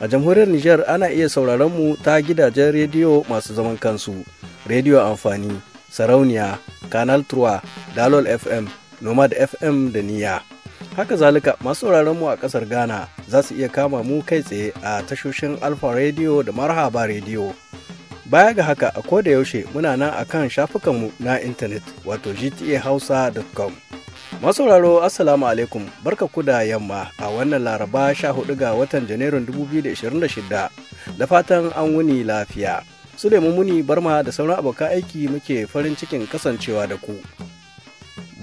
A jamhuriyar Nijar ana iya sauraron mu ta gidajen rediyo masu zaman kansu, rediyo amfani, sarauniya, canal 3, dalol FM, nomad FM da niya. Haka zalika masu sauraron mu a kasar Ghana za su iya kama mu kai tsaye a tashoshin Alfa rediyo da Marhaba Radio. Baya ga haka a koda yaushe muna nan a kan shafukanmu na intanet wato gtahausa.com. Masauraro Assalamu alaikum barka ku da yamma a wannan laraba 14 ga watan Janairun 2026 da fatan an wuni lafiya. Suleiman Muni Barma da sauran abokan aiki muke farin cikin kasancewa da ku.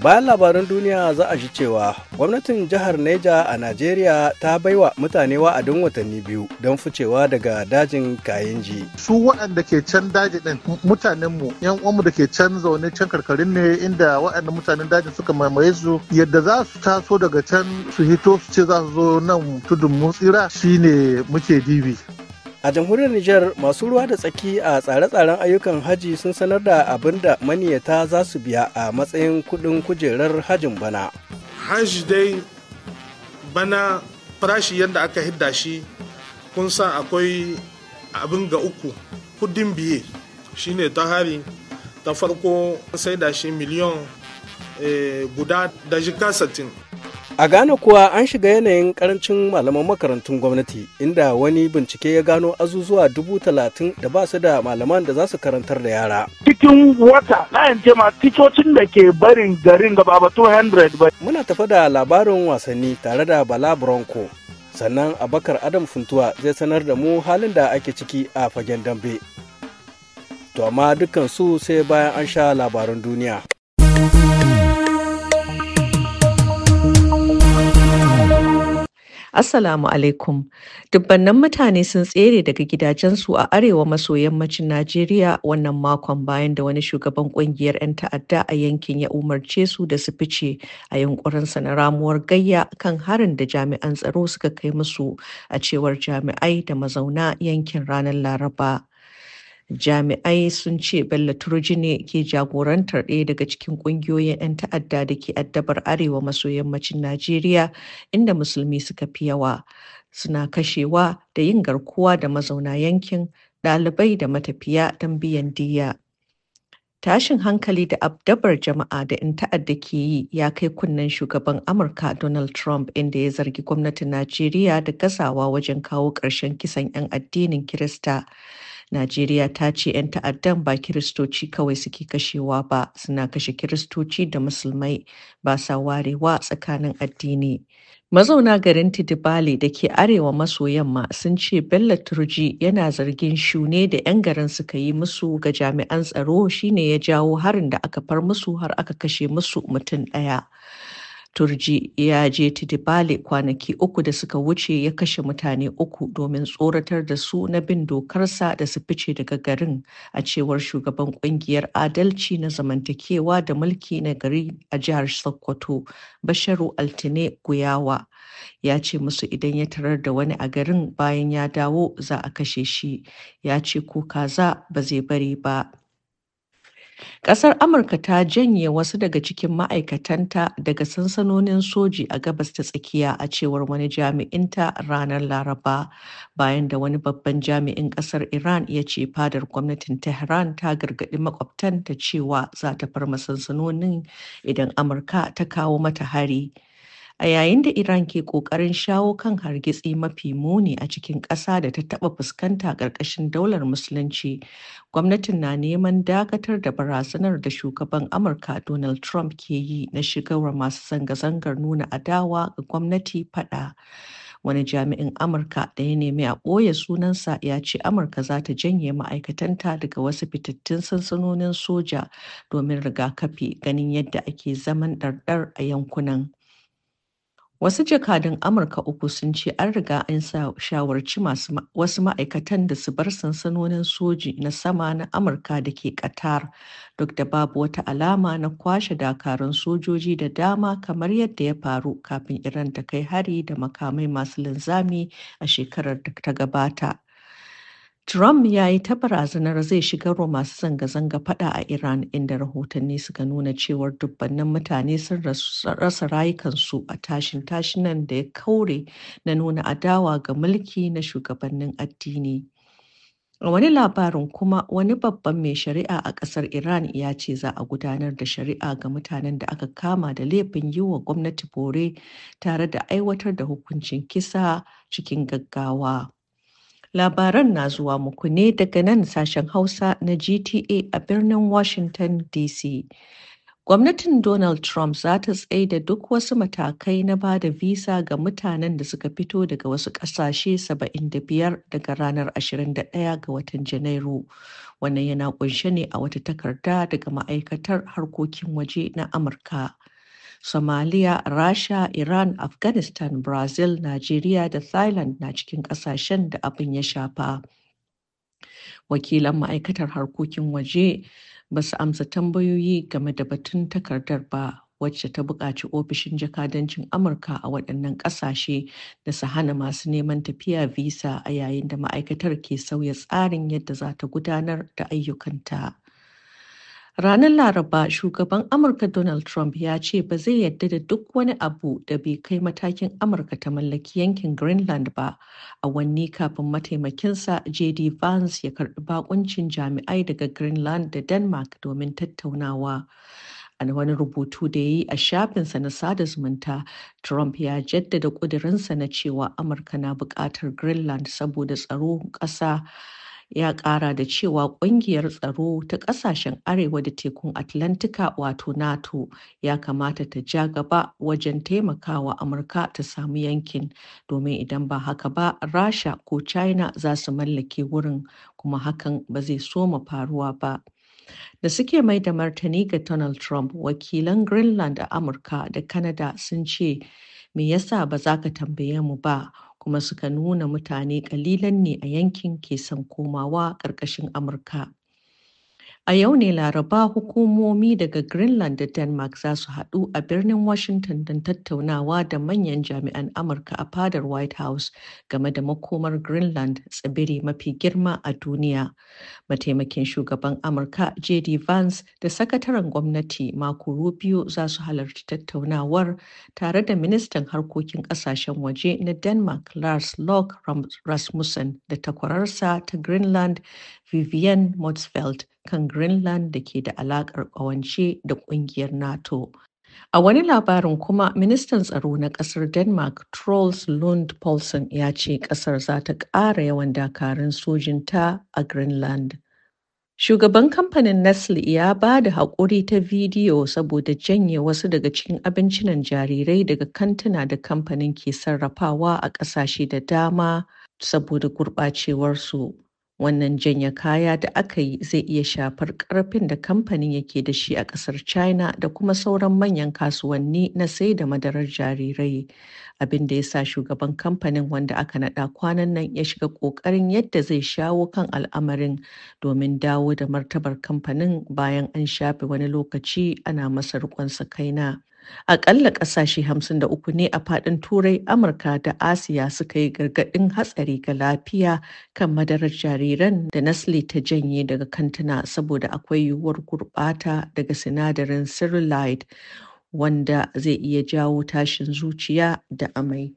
bayan labaran duniya za a ji cewa gwamnatin jihar neja a najeriya ta baiwa mutane wa'adin watanni biyu don ficewa daga dajin kayanji su waɗanda ke can daji ɗin mutanenmu yan uwanmu da ke can zaune can karkarin ne inda waɗanda mutanen dajin suka mamaye su yadda za su taso daga can su hito su ce za su zo nan tudun "mutsira" shine muke dibi A jamhuriyar Nijar masu ruwa da tsaki a tsare-tsaren ayyukan haji sun sanar da abin da maniyata za su biya a matsayin kudin kujerar hajin bana. Haji dai bana farashi yadda aka hidda shi kun san akwai abin ga uku kudin biye shine ta hari ta farko sai da shi miliyan eh, guda da jika 60 A Ghana kuwa an shiga yanayin karancin malaman makarantun gwamnati inda wani bincike ya gano azuzuwa dubu talatin da ba su da malaman da za su karantar da yara. Cikin wata na yin ticocin da ke barin garin gaba ba 200 ba. Muna tafa da labarin wasanni tare da Bala Bronco. Sannan Abakar Adam Funtuwa zai sanar da mu halin da ake ciki a fagen dambe. To amma dukkan su sai bayan an sha labaran duniya. Assalamu alaikum. Dubbannan mutane sun tsere daga gidajensu a arewa maso yammacin Najeriya wannan makon bayan da wani shugaban kungiyar 'yan ta'adda a yankin ya umarce su da su fice a yunkurinsa na ramuwar gayya kan harin da jami'an tsaro suka kai musu a cewar jami'ai da mazauna yankin ranar Laraba. jami'ai sun ce bello ne ke jagorantar ɗaya daga cikin ƙungiyoyin 'yan ta'adda da ke addabar arewa maso yammacin najeriya inda musulmi suka fi yawa suna kashewa da yin garkuwa da mazauna yankin ɗalibai da matafiya don biyan diya tashin hankali da abdabar jama'a da 'yan ta'adda ke yi ya kai kunnen shugaban amurka donald trump inda ya zargi gwamnatin najeriya da gazawa wajen kawo ƙarshen kisan 'yan addinin kirista Najeriya ta ce 'yan ta'addan ba Kiristoci kawai suke kashewa ba, suna kashe Kiristoci da Musulmai ba sa warewa tsakanin addini. Mazauna garin Tidibale da ke arewa maso yamma sun ce Bello Turji yana zargin shune da 'yan garin suka yi musu ga jami'an tsaro shine ya jawo harin da aka far musu har aka kashe musu mutum ɗaya. turji ya je tidibale kwanaki uku da suka wuce ya kashe mutane uku domin tsoratar da su na bin dokarsa da su fice daga garin a cewar shugaban kungiyar adalci na zamantakewa da mulki na gari a jihar sokoto basharu altine guyawa ya ce musu idan ya tarar da wani a garin bayan ya dawo za a kashe shi ya ce ko kaza ba zai bari ba Ƙasar Amurka ta janye wasu daga cikin ma'aikatanta daga sansanonin soji a Gabas ta Tsakiya, a cewar wani jami'inta ranar Laraba, bayan da wani babban jami'in ƙasar Iran ya ce fadar gwamnatin Tehran ta gargaɗi makwabtanta cewa za ta farma sansanonin idan Amurka ta kawo mata hari. a yayin da Iran ke ƙoƙarin shawo kan hargitsi mafi muni a cikin ƙasa da ta taɓa fuskanta ƙarƙashin daular Musulunci, gwamnatin na neman dakatar da barazanar da shugaban Amurka Donald Trump ke yi na shigarwa masu zanga-zangar nuna adawa ga gwamnati faɗa. Wani jami'in Amurka da ya nemi a ɓoye sunansa ya ce Amurka za ta janye ma'aikatanta daga wasu fitattun sansanonin soja domin rigakafi ganin yadda ake zaman ɗarɗar a yankunan. Wasu jakadun Amurka uku sun ce an riga an shawarci wasu ma'aikatan da su bar sansanonin soji na sama na Amurka da ke Qatar duk da babu wata alama na kwashe dakarun sojoji da dama kamar yadda ya faru kafin Iran ta kai hari da makamai masu linzami a shekarar da ta gabata. Trump ya yi ta barazanar zai wa masu zanga-zanga fada a Iran inda rahotanni suka nuna cewar dubbannin mutane sun rasa rayukansu a tashin tashinan da ya kaure na nuna adawa ga mulki na shugabannin addini. A wani labarin kuma wani babban mai shari'a a ƙasar Iran ya ce za a gudanar da shari'a ga mutanen da aka kama da laifin yi wa gwamnati bore tare da aiwatar da hukuncin kisa cikin gaggawa. Labaran na zuwa muku ne daga nan sashen Hausa na GTA a birnin Washington DC. Gwamnatin Donald Trump za ta tsaye da duk wasu matakai na ba da visa ga mutanen da suka fito daga wasu ƙasashe 75 daga ranar 21 ga watan Janairu. Wannan yana ƙunshe ne a wata takarda daga ma'aikatar harkokin waje na Amurka. Somalia, Rasha, Iran, Afghanistan, Brazil, Najeriya da Thailand na cikin ƙasashen da abin ya shafa. Wakilan ma'aikatar harkokin waje ba su amsa tambayoyi game da batun takardar ba wacce ta buƙaci ofishin jakadancin amurka a waɗannan ƙasashe da su hana masu neman tafiya visa a yayin da ma'aikatar ke sauya tsarin yadda za ta gudanar da ayyukanta Ranar Laraba, shugaban Amurka Donald Trump ya ce ba zai yadda da duk wani abu da bai kai matakin Amurka ta mallaki yankin Greenland ba, a wanni kafin mataimakinsa JD Vance ya karbi bakuncin jami'ai daga Greenland da Denmark domin tattaunawa. a wani rubutu da ya yi a shafinsa na sada zumunta trump ya jaddada kudurinsa na cewa amurka na buƙatar greenland saboda tsaro ƙasa ya ƙara da cewa ƙungiyar tsaro ta ƙasashen arewa da tekun atlantika wato nato ya kamata ta ja gaba wajen taimakawa amurka ta samu yankin domin idan ba haka ba rasha ko china za su mallake wurin kuma hakan ba zai soma faruwa ba da suke mai da martani ga donald trump wakilan greenland a amurka da canada sun ce me yasa ba za ka tambaye mu ba kuma suka nuna mutane ƙalilan ne a yankin ke son komawa ƙarƙashin Amurka. A yau ne Laraba hukumomi daga Greenland da Denmark za su haɗu a birnin Washington don tattaunawa da manyan jami'an Amurka a fadar White House game da makomar Greenland tsibiri mafi girma a duniya. Mataimakin shugaban Amurka JD Vance da sakataren gwamnati Marco Rubio za su halarci tattaunawar tare da ministan harkokin ƙasashen waje na Denmark Lars Lok Rasmussen da takwararsa ta Greenland Vivian Motzfeldt kan Greenland da ke da alaƙar ƙawance da ƙungiyar NATO. A wani labarin kuma, ministan tsaro na ƙasar Denmark Trolls Lund polson ya ce ƙasar za ta ƙara yawan dakarun sojinta a Greenland. Shugaban kamfanin Nestle ya ba da haƙuri ta vidiyo saboda janye wasu daga cikin abincinan jarirai daga kantuna da kamfanin ke sarrafawa a ƙasashe da dama saboda gurɓacewarsu. Wannan janya kaya da aka yi zai iya shafar karfin da kamfanin yake da shi a ƙasar China da kuma sauran manyan kasuwanni na sai da madarar jarirai. Abin da ya sa shugaban kamfanin wanda aka naɗa kwanan nan ya shiga ƙoƙarin yadda zai shawo kan al'amarin domin dawo da martabar kamfanin bayan an shafe wani lokaci ana masa riƙon kaina. Aƙalla ƙasashe 53 ne a faɗin Turai, Amurka da Asiya suka yi gargaɗin hatsari ga lafiya kan madarar jariran da Nestle ta janye daga kantuna saboda akwai yiwuwar gurɓata daga sinadarin cerulide wanda zai iya jawo tashin zuciya da amai.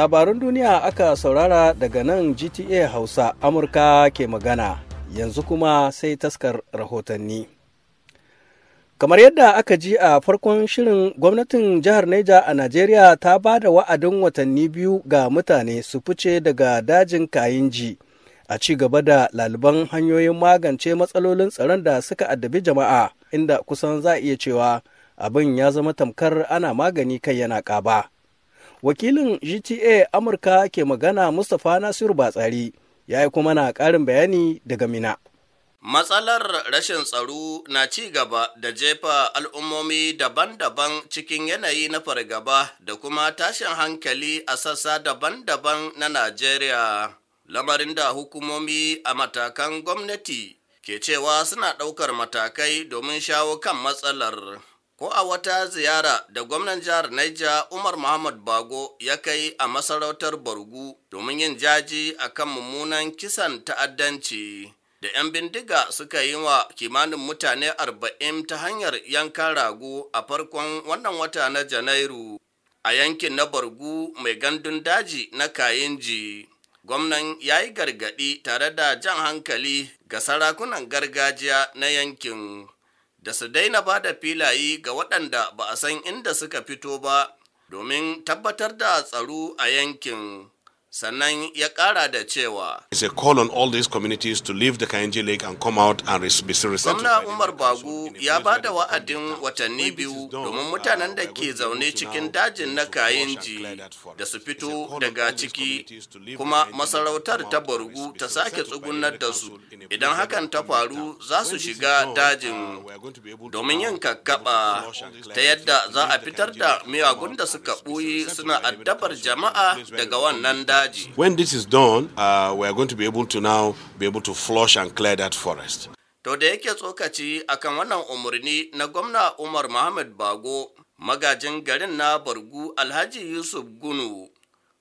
labarun duniya aka saurara daga nan gta hausa amurka ke magana yanzu kuma sai taskar rahotanni kamar yadda aka ji a farkon shirin gwamnatin jihar neja a najeriya ta ba da wa'adin watanni biyu ga mutane su fice daga dajin kayinji a ci gaba da laliban hanyoyin magance matsalolin tsaron da suka addabi jama'a inda kusan za iya cewa abin ya zama tamkar ana magani kai yana ƙaba. wakilin gta amurka ke magana mustapha nasiru batsari ya yi kuma na ƙarin bayani daga mina Matsalar rashin tsaro na ci gaba da jefa al'ummomi daban-daban cikin yanayi na fargaba da kuma tashin hankali a sassa daban-daban na Najeriya. Lamarin da hukumomi a matakan gwamnati ke cewa suna ɗaukar matakai domin shawo kan matsalar. ko a wata ziyara da gwamnan jihar Niger Umar Muhammad Bago ya kai a masarautar Bargu domin yin jaji a kan mummunan kisan ta'addanci da 'yan bindiga suka yi wa kimanin mutane arba'in ta hanyar yankan rago a farkon wannan wata na Janairu a yankin na Bargu mai gandun daji na Kayinji. Gwamnan ya yi gargaɗi tare da jan hankali ga sarakunan gargajiya na yankin. da su daina ba da filaye ga waɗanda ba a san inda suka fito ba domin tabbatar da tsaro a yankin. sannan ya kara da cewa is a call on all these communities to leave the Kainji Lake and come out and be Gwamna Umar Bagu ya ba da wa'adin watanni biyu domin ah, mutanen da ke zaune cikin dajin na Kainji da su fito daga ciki kuma masarautar ta Borgu ta sake tsugunar da su idan hakan ta faru za su shiga dajin domin yin kakkaba ta yadda za a fitar da miyagun da suka ɓoye suna addabar jama'a daga wannan dajin. when this is done uh, we are going to be able to now be able to flush and clear that forest to da yake tsokaci akan wannan umarni na gwamna umar muhammad bago magajin garin na bargu alhaji yusuf gunu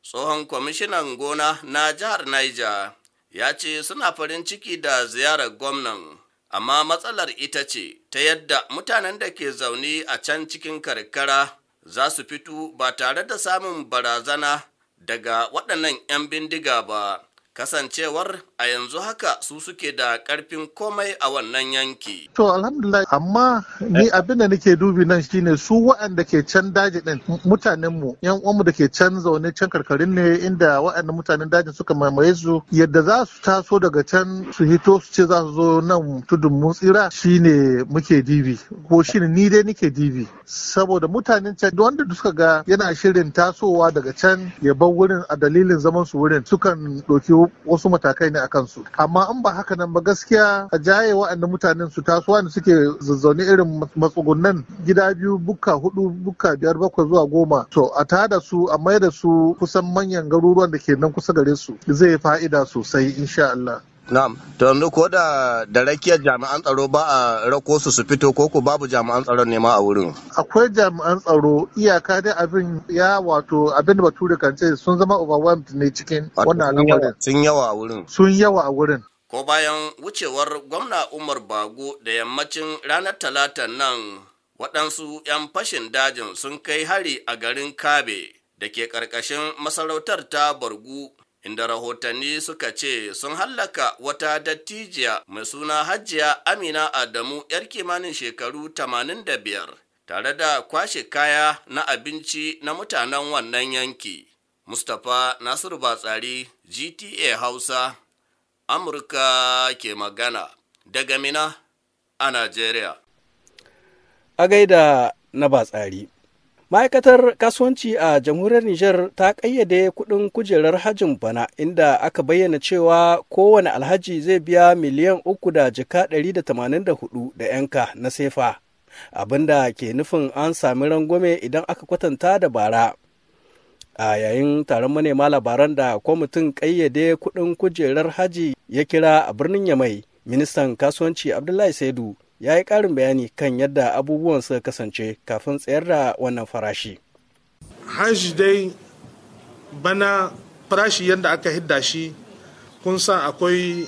tsohon kwamishinan gona na jihar niger ya ce suna farin ciki da ziyarar gwamnan amma matsalar ita ce ta yadda mutanen da ke zaune a can cikin karkara za su fito ba tare da samun barazana daga waɗannan 'yan bindiga ba kasancewar a yanzu haka su suke da karfin komai a wannan yanki. To alhamdulillah amma ni eh. abinda nake dubi nan shine su waɗanda ke can daji din mutanen mu yan uwanmu da ke can zaune can karkarin ne inda waɗanda mutanen dajin suka mamaye su yadda za su taso daga can su hito su ce za su zo nan tudun "Mutsira" tsira shine muke dibi ko shine ni dai nake dibi saboda mutanen can wanda suka ga yana shirin tasowa daga can ya bar wurin a dalilin zaman su wurin sukan ɗauki wasu matakai ne su amma in ba haka nan ba gaskiya a jaye wa'annan mutanen su tasowa ne suke zazzaune irin matsugunan gida biyu bukka hudu bukka biyar bakwai zuwa goma to a ta da su a mai da su kusan manyan garuruwan da ke nan kusa gare su zai fa'ida sosai insha Allah Na'am, to ko da da rakiyar jami'an tsaro ba a rako su su fito ko ko babu jami'an tsaron ne ma a wurin. Akwai jami'an tsaro iyaka dai abin ya wato abin da bature kan ce sun zama overwhelmed ne cikin wannan al'amarin. Sun yawa a wurin. Sun yawa a wurin. Ko bayan wucewar gwamna Umar Bago da yammacin ranar talata nan waɗansu 'yan fashin dajin sun kai hari a garin Kabe da ke ƙarƙashin masarautar ta Bargu inda rahotanni suka ce sun hallaka wata dattijiya mai suna hajjiya amina adamu yar kimanin shekaru 85 tare da kwashe kaya na abinci na mutanen wannan yanki mustapha nasiru batsari gta hausa amurka ke magana daga mina a najeriya a gaida na batsari ma'aikatar kasuwanci a jamhuriyar Nijar ta ƙayyade kuɗin kujerar hajjin bana inda aka bayyana cewa kowane alhaji zai biya miliyan uku da jika ɗari da tamanin da da hudu yanka na sefa abinda ke nufin an sami rangwame idan aka kwatanta da bara a yayin taron manema labaran da kwamitin ƙayyade kuɗin kujerar haji ya kira a birnin yamai ministan kasuwanci abdullahi saidu ya yi ƙarin bayani kan yadda abubuwan suka kasance kafin tsayar da wannan farashi. Haji dai bana farashi yadda aka hidda shi kun san akwai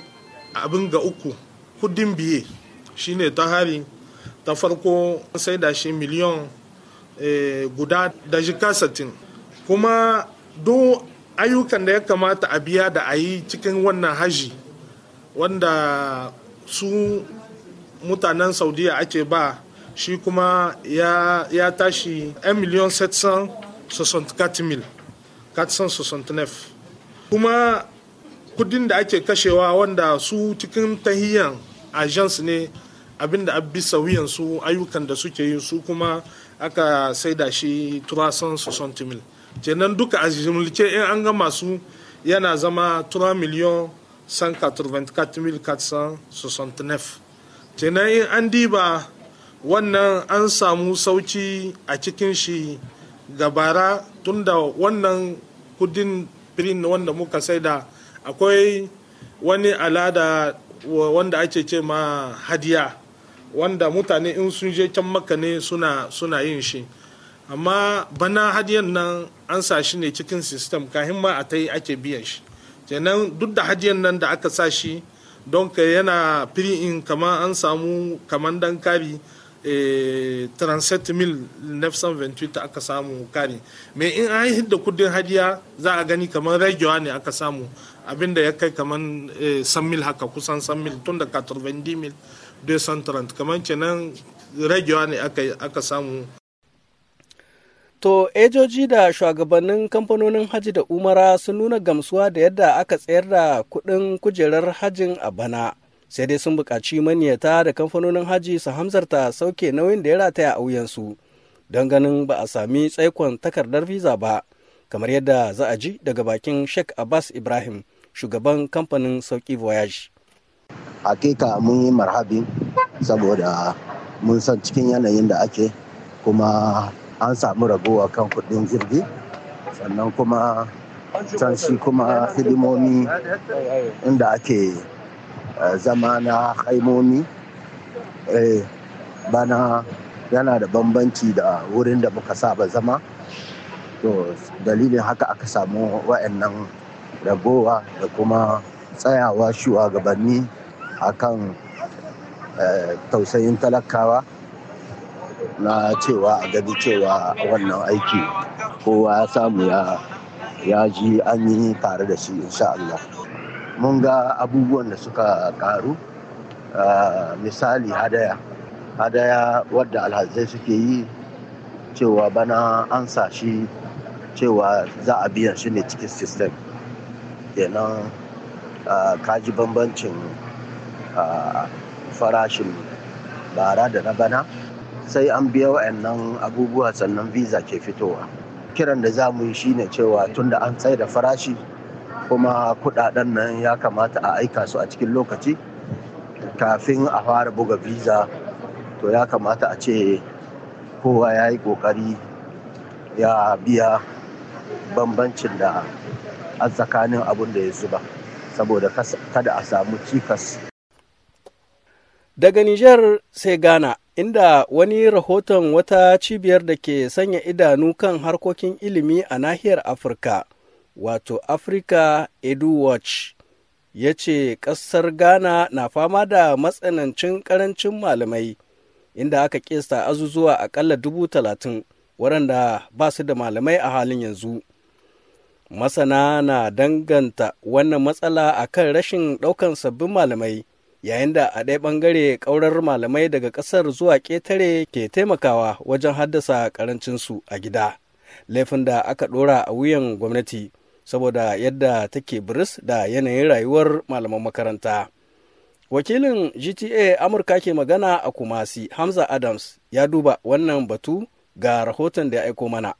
abin ga uku kudin biye shi ne ta hari ta farko sai da shi miliyon eh, guda da jika satin kuma duk ayyukan da ya kamata a biya da a yi cikin wannan haji wanda su mutanen saudiya ake ba shi kuma ya, tashi 1,764,469 miliyan kuma kudin da ake kashewa wanda su cikin tahiyan agents ne abinda abbi sauyan su ayyukan da suke yi su kuma aka saida shi turasan 60,000 kenan duka a jimlice in an gama su yana zama 3 miliyan 184,469 kenan an diba wannan an samu sauki a cikin shi gabara tunda wannan kudin firin wanda muka saida akwai wani alada wanda ake ce ma hadiya wanda mutane in sun je can maka ne suna, suna yin shi amma bana hadiyan nan an sa shi ne cikin sistem kahin ma a ta yi ake biyan shi kenan duk da hadiyan nan da aka sa shi don yana firi in kama an samu kaman dan kari eh, 37,928 aka samu kari mai in an hidda kudin hadiya za a gani kamar ragewa ne aka samu abinda ya kai kaman san eh, mil haka kusan san mil tun da 90 mil 230 kamar kenan ragewa ne aka samu To, ejoji da shugabannin kamfanonin haji da umara sun nuna gamsuwa da yadda aka tsayar da kuɗin kujerar hajin a bana. Sai dai sun buƙaci maniyata da kamfanonin haji su hamzarta sauke nauyin da ya rataya a wuyansu don ganin ba a sami tsaikon takardar visa ba, kamar yadda za a ji daga bakin Sheikh Abbas Ibrahim, shugaban kamfanin Sauki Voyage. Hakika mun yi marhabi saboda mun san cikin yanayin da ake kuma an samu ragowa kan kuɗin jirgi sannan kuma can shi kuma hidimomi inda ake eh, zama na haimomi eh, bana yana da bambanci da wurin da muka saba zama to dalilin haka aka samu wa'annan ragowa da kuma tsayawa shugabanni akan eh, tausayin talakawa na cewa a gani cewa wannan aiki kowa ya samu ya ji an yi tare da shi insha Allah. Mun ga abubuwan da suka karu misali hadaya hadaya wadda alhazai suke yi cewa bana an shi cewa za a biyan shi ne cikin sistem kenan kaji bambancin farashin bara da na bana sai an biya wa'annan abubuwa sannan visa ke fitowa kiran da za mu yi shine cewa tun da an tsaye da farashi kuma kudaden nan ya kamata a aika su a cikin lokaci kafin a fara buga visa to ya kamata a ce kowa ya yi kokari ya biya bambancin da a tsakanin abin da ya zuba saboda kada a samu cikas daga Nijar sai Ghana inda wani rahoton wata cibiyar da ke sanya idanu kan harkokin ilimi a nahiyar Afirka, wato Africa watch ya ce ƙasar Ghana na fama da matsanancin ƙarancin malamai, inda aka ƙesa azuzuwa aƙalla dubu talatin waɗanda ba su da malamai a halin yanzu. Masana na danganta wannan matsala akan rashin ɗaukan sabbin malamai. yayin da a ɗaya ɓangare ƙaurar malamai daga ƙasar zuwa ƙetare ke taimakawa wajen haddasa ƙarancinsu a gida laifin da aka ɗora a wuyan gwamnati saboda yadda take biris da yanayin rayuwar malaman makaranta wakilin gta amurka ke magana a kumasi hamza adams ya duba wannan batu ga rahoton da ya aiko mana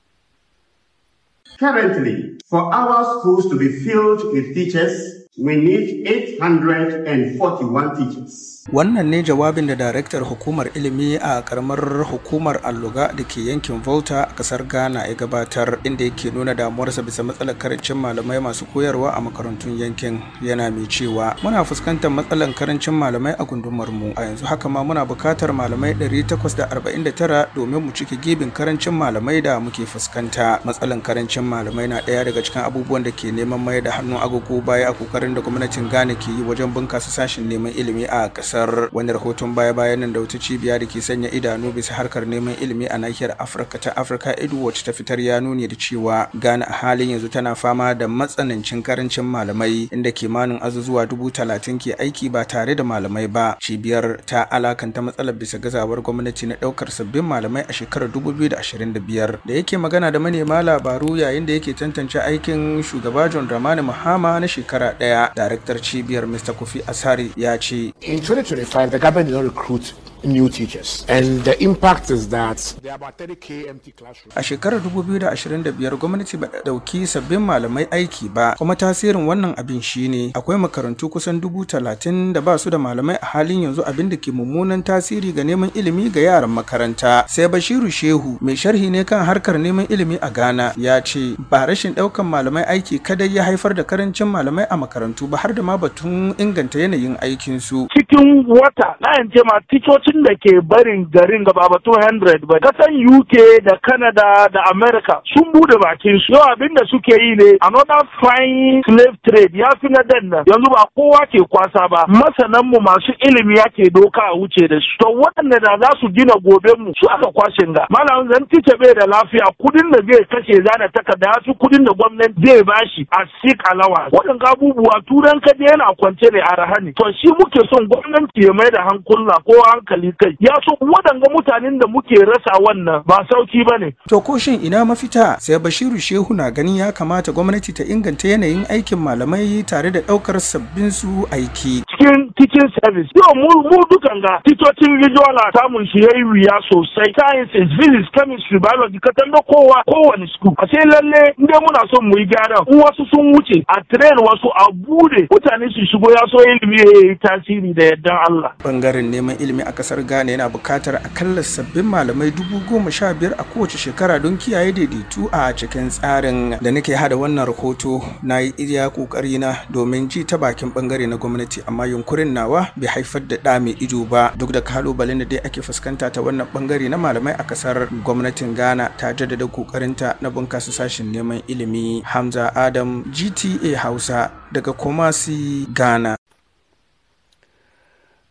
Currently, for our schools to be filled with teachers, we need 841 teachers. Wannan ne jawabin da daraktar hukumar ilimi a karamar hukumar alluga da ke yankin Volta a kasar Ghana ya gabatar inda yake nuna damuwarsa bisa matsalar karancin malamai masu koyarwa a makarantun yankin yana mai cewa muna fuskantar matsalar karancin malamai a gundumar mu a yanzu haka ma muna bukatar malamai 849 domin mu cike gibin karancin malamai da muke fuskanta. Matsalar karancin malamai na ɗaya daga cikin abubuwan da ke neman mai da hannun agogo baya a kokarin da gwamnatin Ghana ke yi wajen bunkasa sashen neman ilimi a ƙasa. kasar wani rahoton baya-bayan nan da wata cibiya da ke sanya idanu bisa harkar neman ilimi a nahiyar afirka ta afirka edward ta fitar ya nuni da cewa ghana a halin yanzu tana fama da matsanancin karancin malamai inda kimanin azuzuwa dubu talatin ke aiki ba tare da malamai ba cibiyar ta alakanta matsalar bisa gazawar gwamnati na ɗaukar sabbin malamai a shekarar 2025 da da Da biyar. yake magana da manema labaru yayin da yake tantance aikin shugaba john dramani mahama na shekara ɗaya, daraktar cibiyar mr kofi asari ya ce in 2025. the government did not recruit new teachers. And the impact is that there about 30k empty classrooms. A shekarar 2025 gwamnati ba dauki sabbin malamai aiki ba kuma tasirin wannan abin shine akwai makarantu kusan dubu talatin da ba su da malamai a halin yanzu abin da ke mummunan tasiri ga neman ilimi ga yaran makaranta. Sai Bashiru Shehu mai sharhi ne kan harkar neman ilimi a Ghana ya ce ba rashin daukan malamai aiki kadai ya haifar da karancin malamai a makarantu ba har da ma batun inganta yanayin aikin su. Cikin wata na yance ma ticoci bakin da ke barin garin gaba ba 200 ba kasan UK da Canada da America sun bude bakin su yau abin da suke yi ne another fine slave trade ya fi na danna. yanzu ba kowa ke kwasa ba masanan mu masu ilimi yake doka a wuce da su to waɗanda da za su gina gobe mu su aka kwashe ga malamin zan tice bai da lafiya kudin da zai kashe zana takarda ya su kudin da gwamnati zai bashi a sik alawa waɗanda abubuwa turan kaje yana kwance ne a rahani to shi muke son gwamnati ya mai da hankula ko hankali hankali kai ya so waɗanga mutanen da muke rasa wannan ba sauki ba ne. to ko shin ina mafita sai bashiru shehu na ganin ya kamata gwamnati ta inganta yanayin aikin malamai tare da ɗaukar sabbin su aiki. cikin cikin service yau mu dukan ga titocin rijola samun shi yayi wuya sosai sciences physics chemistry biology ka tanda kowa kowane school a sai lalle inda muna son mu yi gyara in wasu sun wuce a train wasu a bude mutane su shigo ya so ilimi ya yi tasiri da yardan Allah bangaren neman ilimi a kasar Ghana yana bukatar akalla sabbin malamai dubu goma sha biyar a kowace shekara don kiyaye daidaitu a cikin tsarin da nake hada wannan rahoto na yi iya kokari na domin ji ta bakin bangare na gwamnati amma yunkurin nawa bai haifar da ɗa mai ido ba duk da kalubalen da dai ake fuskanta ta wannan bangare na malamai a kasar gwamnatin ghana ta jaddada kokarinta na bunkasa sashen neman ilimi hamza adam gta hausa daga komasi ghana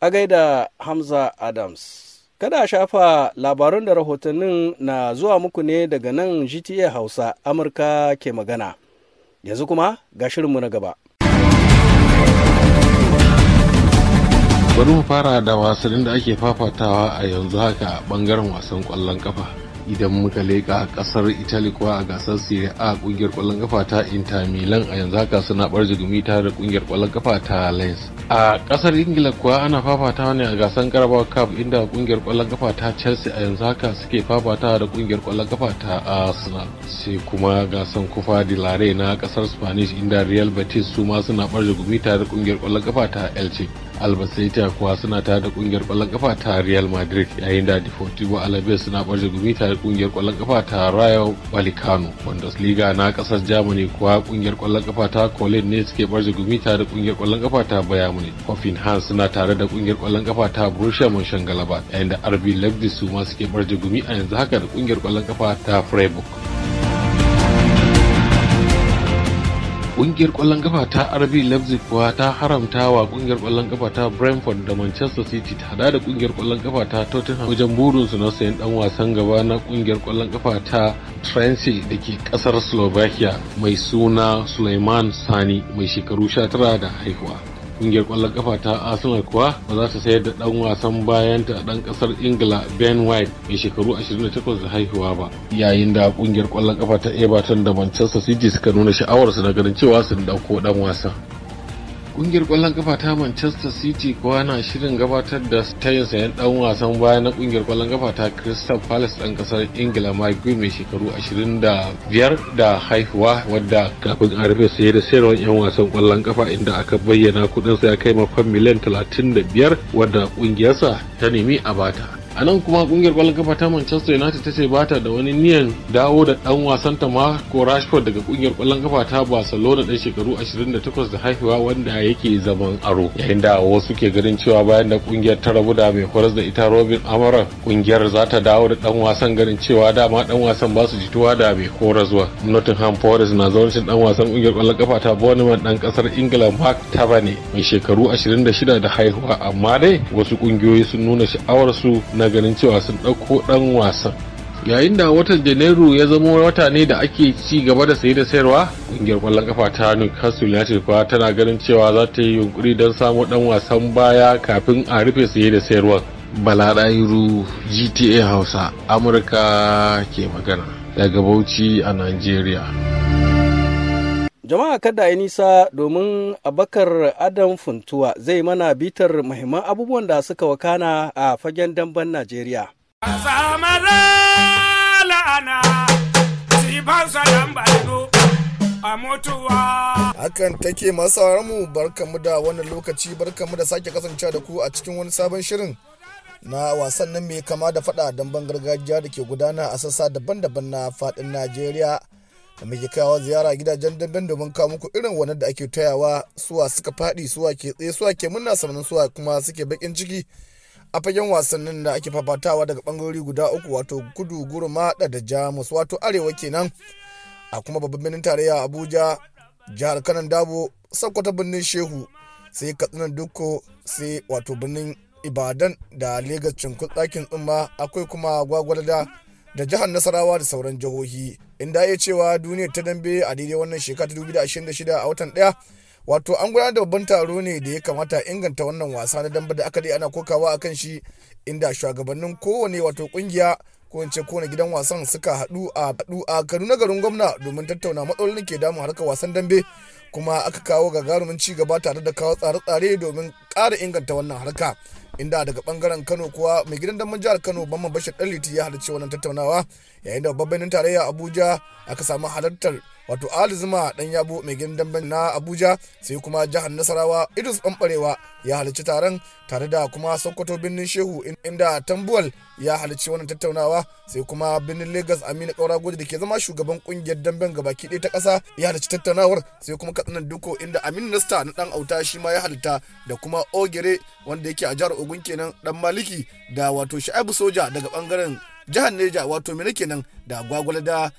a gaida hamza adams Kada a shafa labarun da rahotannin na zuwa muku ne daga nan GTA Hausa Amurka ke magana. Yanzu kuma ga shirinmu na gaba. bari mu fara da wasannin da ake fafatawa a yanzu haka a bangaren wasan kwallon kafa idan muka leƙa kasar italy kuwa a gasar serie a kungiyar kwallon kafa ta inter milan a yanzu haka suna bar gumi tare da kungiyar kwallon kafa ta lens a kasar ingila kuwa ana fafatawa ne a gasar carabao cup inda kungiyar kwallon kafa ta chelsea a yanzu haka suke fafatawa da kungiyar kwallon kafa ta arsenal sai kuma gasar kufa de la na kasar spanish inda real betis su ma suna bar gumi tare da kungiyar kwallon kafa ta elche albasaita kuwa suna tare da kungiyar kwallon kafa ta real madrid yayin da deportivo alaves suna barje gumi tare da kungiyar kwallon kafa ta rayo balikano bundesliga na kasar germany kuwa kungiyar kwallon kafa ta colin ne suke barje gumi tare da kungiyar kwallon kafa ta bayern munich hoffenheim suna tare da kungiyar kwallon kafa ta borussia mönchengladbach yayin da rb leipzig su ma suke barje gumi a yanzu haka da kungiyar kwallon kafa ta freiburg Kungiyar kwallon kafa ta RB Leipzig kuwa ta haramta wa kungiyar kwallon kafa ta Brentford da Manchester City ta hada da kungiyar kwallon kafa ta Tottenham wajen burinsu na sayan dan wasan gaba na kungiyar kwallon kafa ta trenci da ke kasar Slovakia mai suna Suleiman Sani mai shekaru 19 da haihuwa. kungiyar kwallon kafa ta arsenal kuwa ba za ta sayar da ɗan wasan bayanta a ɗan ƙasar ingila ben white mai shekaru 28 da haihuwa ba yayin da kungiyar kwallon kafa ta everton da manchester city suka nuna sha'awarsu na ganin cewa sun dauko dan wasa Kungiyar kwallon kafa ta Manchester City kowa na shirin gabatar da tayin sayan dan wasan baya na kungiyar kwallon kafa ta Crystal Palace dan kasar Ingila Mike gwi mai shekaru 25 da da haihuwa wadda kafin an rufe saye da sayarwar yan wasan kwallon kafa inda aka bayyana kudin sa ya kai mafan miliyan 35 wadda kungiyarsa ta nemi a bata. a nan kuma kungiyar kwallon kafa ta manchester united ta ce ba ta da wani niyan dawo da dan wasan ta ma ko rashford daga kungiyar kwallon kafa ta barcelona dan shekaru 28 da haihuwa wanda yake zaman aro yayin da wasu ke ganin cewa bayan da kungiyar ta rabu da mai horas da ita robin amara kungiyar za ta dawo da dan wasan ganin cewa dama dan wasan ba su jituwa da mai horaswa nottingham forest na zaune shi dan wasan kungiyar kwallon kafa ta bournemouth dan kasar ingila mark tabane mai shekaru 26 da haihuwa amma dai wasu kungiyoyi sun nuna sha'awar su na ganin cewa sun ɗauko ɗan wasan yayin da watan janairu ya zama wata ne da ake ci gaba da saye da sayarwa ƙungiyar kwallon kafa ta newcastle united kuwa tana ganin cewa za ta yi yunkuri don samo ɗan wasan baya kafin a rufe saye da sayarwar bala ɗayiru gta hausa amurka ke magana daga bauchi a nigeria Jama'a kada yi nisa domin Abakar Adam Funtuwa zai mana bitar mahimman abubuwan da suka wakana a fagen damben Najeriya. Hakan take masu mu barkamu da wani lokaci barkamu da sake kasancewa da ku a cikin wani sabon shirin na wasannin mai kama da fada damben gargajiya da ke gudana a sassa daban-daban na faɗin Najeriya. da muke kawo ziyara gidajen damben domin kawo muku irin wannan da ake tayawa suwa suka fadi suwa ke tsaye suwa ke murna sannan suwa kuma suke bakin ciki a fagen wasannin da ake fafatawa daga bangarori guda uku wato kudu gurma da jamus wato arewa kenan a kuma babban birnin tarayya abuja jihar kanan dabo sakkwata birnin shehu sai katsina dukko sai wato birnin ibadan da legas cinkut ɗakin tsumma akwai kuma gwagwarda da jihar Nasarawa da sauran jihohi inda ya cewa duniyar ta dambe a daidai wannan shekara 2026 a watan ɗaya wato an gudanar da babban taro ne da ya kamata inganta wannan wasa na dambe da aka dai ana kokawa a kan shi inda shugabannin kowane wato kungiya ko in ce kowane gidan wasan suka haɗu a haɗu a Kaduna garin gwamna domin tattauna matsalolin ke damun harkar wasan dambe kuma aka kawo gagarumin ci gaba tare da kawo tsare-tsare domin ƙara inganta wannan harka inda daga bangaren kano kuwa mai gidan damar jihar kano bamman bashir daliti ya halarci wannan tattaunawa yayin da babban tarayya abuja aka samu halartar wato ali zuma dan yabo mai gindan na abuja sai kuma jihar nasarawa idris banbarewa ya halarci taron tare da kuma sokoto birnin shehu inda tambuwal ya halarci wannan tattaunawa sai kuma birnin lagos aminu kaura goji da ke zama shugaban kungiyar damben gabaki ɗaya ta ƙasa ya halarci tattaunawar sai kuma Katsina duko inda Amin nasta na dan auta shi ma ya halarta da kuma ogere wanda yake a jihar ogun kenan dan maliki da wato sha'ibu soja daga bangaren jihar Neja wato Mina kenan da Gwagwala da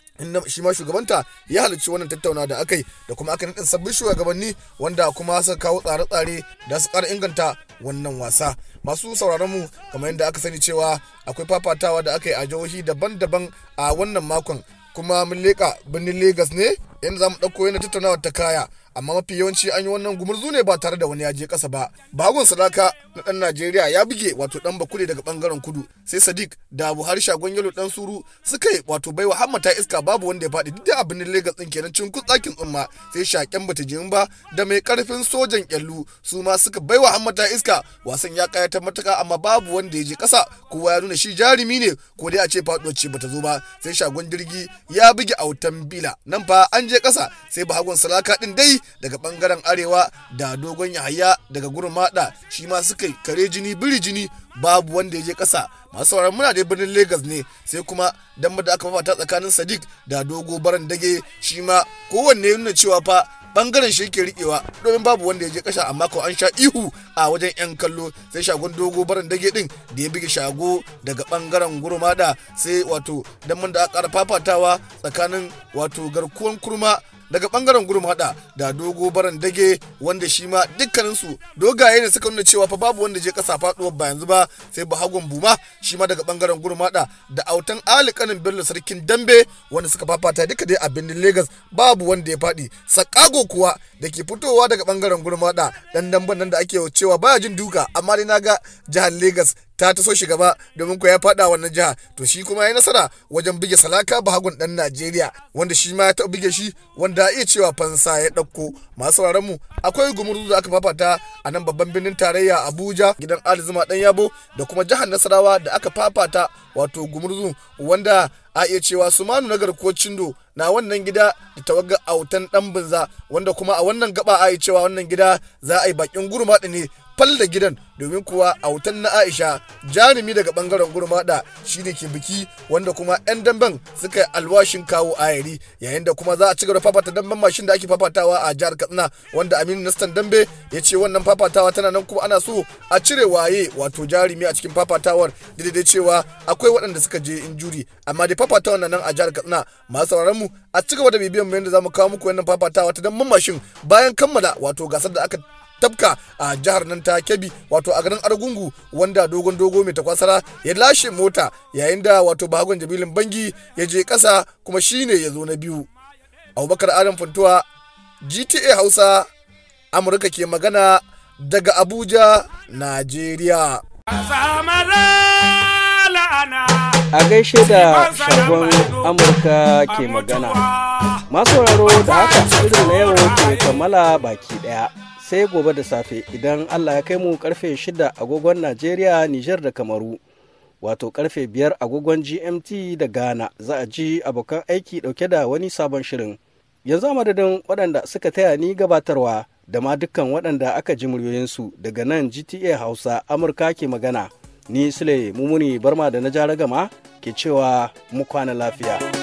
shi ma shugabanta ya halarci wannan tattauna da aka yi da kuma aka nadin sabbin shugabanni wanda kuma suka kawo tsare-tsare da su ƙara inganta wannan wasa masu sauraron mu kamar yadda aka sani cewa akwai fafatawa da aka yi a jihohi daban-daban a wannan makon kuma mun leƙa birnin Legas ne yadda za mu ɗauko yana tattaunawa ta kaya amma mafi yawanci an yi wannan gumurzu ne ba tare da wani ya je kasa ba bagon sadaka na ɗan najeriya ya buge wato ɗan bakure daga ɓangaren kudu sai sadiq da buhari shagon yalo ɗan suru suka yi wato baiwa hamma ta iska babu wanda ya faɗi duk da abin legas ɗin kenan cin kutsakin tsumma sai shaƙen bata jin ba da mai karfin sojan kyallu su ma suka baiwa hammata ta iska wasan ya ƙayatar matuka amma babu wanda ya je kasa kowa ya nuna shi jarumi ne ko dai a ce faɗuwar bata zo ba sai shagon jirgi ya buge autan bila nan fa an je kasa sai bagon sadaka ɗin dai daga bangaren arewa da dogon yahaya daga mada shi ma suka yi kare jini biri jini babu wanda ya je kasa masu sauraron muna da birnin lagos ne sai kuma dan da aka fafata tsakanin sadiq da dogo baran dage shi ma kowanne nuna cewa fa bangaren shi yake rikewa domin babu wanda ya je kasa amma ko an sha ihu a wajen yan kallo sai shagon dogo baran dage din da ya bige shago daga bangaren gurmada sai wato dan da aka fafatawa tsakanin wato garkuwan kurma daga bangaren gurmada da dogo baran dage wanda shi ma dukkaninsu dogaye ne suka nuna cewa fa babu wanda je kasa faduwar ba yanzu ba sai bahagon buma shi ma daga bangaren gurmada da autan alikanin bello sarkin dambe wanda suka fafata duka dai a birnin lagos babu wanda ya faɗi sakago kuwa da ke fitowa daga bangaren hada dan damben nan da ake cewa baya jin duka amma dai naga jihar lagos ta so shi gaba domin ko ya faɗa wannan jiha to shi kuma ya nasara wajen buge salaka bahagun ɗan najeriya wanda shi ma ya taɓa buge shi wanda iya cewa fansa ya ɗauko masu sauraron mu akwai gumurzu da aka fafata a nan babban birnin tarayya abuja gidan alizuma ɗan yabo da kuma jihar nasarawa da aka fafata wato gumurzu wanda a iya cewa su manu na garkuwar cindo na wannan gida da tawaga autan dan binza wanda kuma a wannan gaba a iya cewa wannan gida za a yi bakin gurma ne fal gidan domin kuwa a wutan na Aisha jarumi daga bangaren shi shine ke biki wanda kuma 'yan damben suka yi alwashin kawo ayari yayin da kuma za a cigaba fafata damben mashin da ake fafatawa a jihar Katsina wanda Aminu Nastan Dambe ya ce wannan fafatawa tana nan kuma ana so a cire waye wato jarumi a cikin fafatawar daidai cewa akwai waɗanda suka je injuri amma dai fafatawar na nan a jihar Katsina masu sauraron mu a cigaba da bibiyan mu yadda zamu kawo muku wannan fafatawa ta damben mashin bayan kammala wato gasar da aka tabka a jihar nan ta kebi wato a garin Argungu wanda dogon dogo mai takwasara ya lashe mota yayin da wato Bahagon Jamilin Bangi ya je ƙasa kuma shine ya zo na biyu. Abubakar Adam Funtuwa GTA Hausa Amurka ke magana daga Abuja, Najeriya. A gaishe da shagon Amurka ke magana. Masu da haka shirin na yau ke kammala baki ɗaya. sai gobe da safe idan Allah ya kai mu karfe 6 agogon Najeriya, Nijar da Kamaru. Wato karfe 5 agogon GMT da Ghana za a ji abokan aiki dauke da wani sabon shirin. Yanzu a madadin waɗanda suka taya ni gabatarwa da ma dukkan waɗanda aka ji muryoyinsu daga nan GTA Hausa Amurka ke magana. Ni Sule Mumuni Barma da na ragama ke cewa mu kwana lafiya.